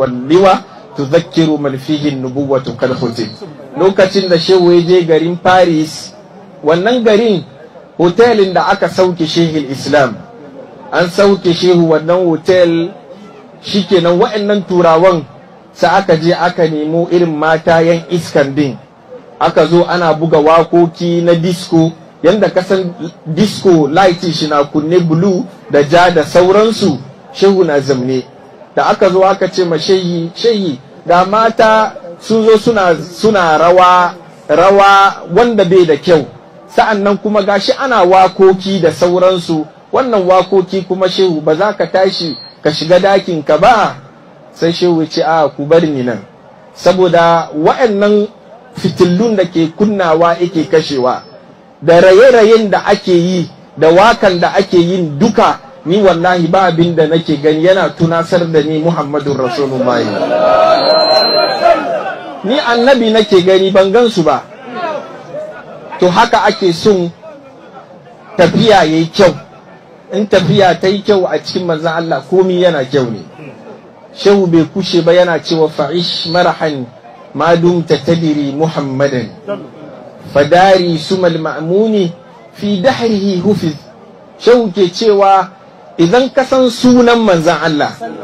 walliwa tuzakiru man fihi nubuwatu kad hutin lokacin da shehu ya je garin Paris wannan garin hotelin da aka sauke Shehu Islam an sauke shehu wannan hotel shikenan wa'annan turawan sa aka je aka nemo irin mata yan iskan din aka zo ana buga wakoki na disco yanda kasan disco light shi na kunne blue da ja da sauransu shehu na zamne da aka zo aka ce ma shehi shehi ga mata sun zo suna suna rawa rawa wanda bai da kyau sa'an nan kuma gashi ana wakoki da sauransu wannan wakoki kuma shehu ba za ka tashi ka shiga dakin ka ba sai shehu ce a ku bar ni nan saboda wa'annan fitillun da ke kunnawa yake kashewa da raye-rayen da ake yi da wakan da ake yin duka ni wallahi ba abin da nake gani yana tunasar da ni muhammadun rasulullahi ni annabi nake gani ban gansu ba to haka ake son tafiya ya yi kyau in tafiya ta yi kyau a cikin manzan Allah komi yana kyau ne shehu bai kushe ba yana cewa fa'ish marahan madum ta tadiri muhammadan fadari sumal ma'amuni fi dahrihi hufiz shehu ke cewa idan ka san sunan manzan Allah